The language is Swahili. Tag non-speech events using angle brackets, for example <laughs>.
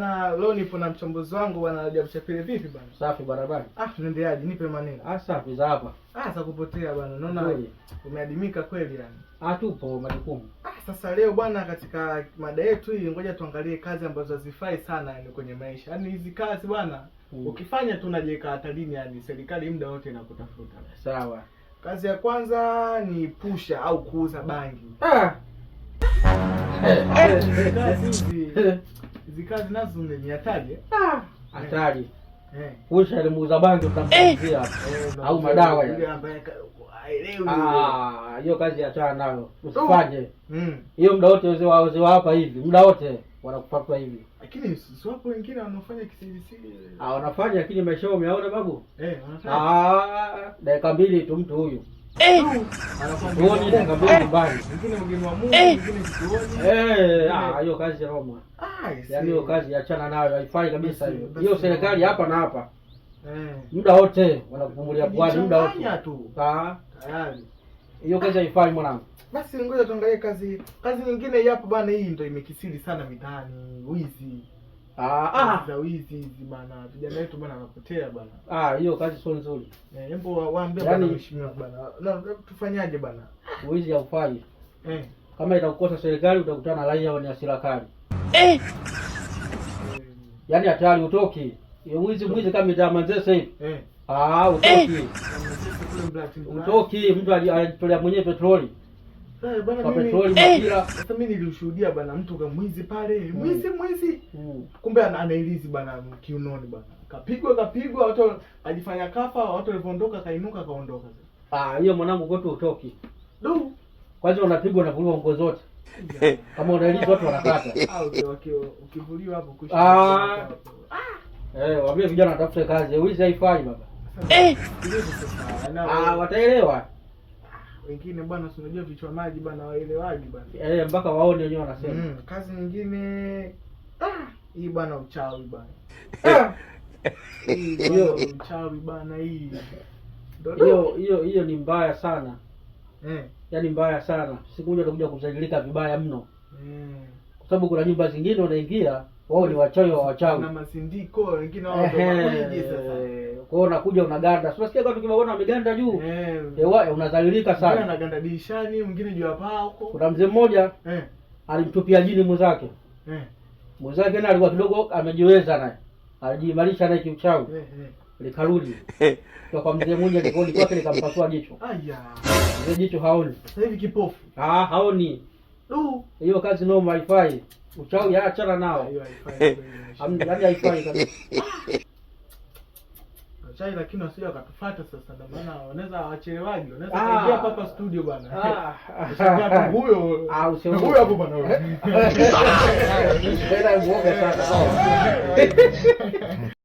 Bana, leo nipo na mchambuzi wangu bana Rajabu Chapile. Vipi bana? Safi barabara. Ah, tunaendeaje? Nipe maneno. Ah, safi za hapa. Ah, za kupotea bana. Naona wewe umeadimika kweli yani. Ah, tupo majukumu. Ah, sasa leo bwana, katika mada yetu hii, ngoja tuangalie kazi ambazo hazifai sana yani kwenye maisha. Yaani hizi kazi bwana, hmm, ukifanya tu unajiweka hatarini yani serikali muda wote inakutafuta. Sawa. Kazi ya kwanza ni pusha au kuuza bangi. Ah. Eh, <laughs> hizi kazi nazo ni hatari. Hatari. Ah! Eh. Wewe alimuuza bangi utamsaidia eh. au eh, madawa yale ambaye ah, hiyo kazi achana nayo, oh. usifanye hmm. hiyo. Muda wote wazee wazee hapa hivi, muda wote wanakupatwa hivi, lakini si wapo wengine wanafanya kisirisiri. Ah, wanafanya lakini maisha yao umeona babu, eh, wanafanya ah, dakika mbili tu mtu huyu hiyo kazi Roma, yaani hiyo kazi achana nayo, haifai kabisa hiyo. Hiyo serikali hapa na hapa muda wote wanakupumulia pwani, muda wote hiyo kazi haifai mwanangu. Basi ngoja tuangalie kazi kazi nyingine hapo bana. Hii ndio imekisiri sana mitaani, wizi Ah, ah. za wizi hizi bana, vijana wetu bana wanapotea bana. Ah, hiyo kazi sio nzuri. Eh, hebu waambie yaani- bana mheshimiwa bana. Na tufanyaje bana? Wizi haufanyi. Eh. Kama itakukosa serikali utakutana na raia wenye hasira kali. Eh. Yaani hatari utoki. Hiyo wizi mwizi kama itamanze sasa hivi. Eh. Ah, utoki. Eh. Utoki mtu alijitolea mwenyewe petroli. Eh, eh! Sasa mimi nilishuhudia bana, mtu kamwizi pale, hmm. mwizi mwizi, hmm. kumbe anailizi bana kiunoni bana, kapigwa kapigwa, watu alifanya kafa, watu walivyoondoka kainuka kaondoka. Ah, hiyo mwanangu kwetu utoki du, kwanza unapigwa na kuliwa nguo zote <laughs> kama unailizi watu wanakata. <laughs> Ukivuliwa hapo kushi ah, eh, waambie vijana watafute kazi, wizi haifai baba. Eh, ah, wataelewa wengine bwana, si unajua vichwa maji bwana, waelewaji bwana eh, mpaka waone wenyewe wanasema. Mm, kazi nyingine ah, hii bwana uchawi bwana eh. ah, <laughs> hiyo uchawi bwana, hii hiyo hiyo hiyo ni mbaya sana eh, yaani mbaya sana. Siku moja utakuja kuzalilika vibaya mno mm, kwa sababu kuna nyumba zingine unaingia wao ni wachawi wa wachawi na masindiko wengine wao ndio sasa kwa hiyo unakuja unaganda, Sio sikia watu kibabona wameganda juu eh, yeah. Eh, unadhalilika sana, anaganda dirishani, mwingine juu hapa huko. Kuna mzee mmoja yeah. alimtupia jini mwenzake yeah. mwenzake naye alikuwa kidogo amejiweza, naye alijimalisha naye kiuchawi yeah, yeah. likarudi eh. kwa kwa mzee mmoja kikoni kwake likampasua jicho, aya, mzee jicho haoni, sasa hivi kipofu, ah, haoni hiyo kazi no wifi. uchawi achana nao, Hiyo wifi. Eh. yani haifai kabisa. <laughs> chai lakini wasije wakatufuata sasa, ndio maana wanaweza wachelewaji, wanaweza ah. kuingia hapa studio bwana. Ah, huyo ah, usio huyo hapo bwana, wewe <laughs> tena sana. <laughs>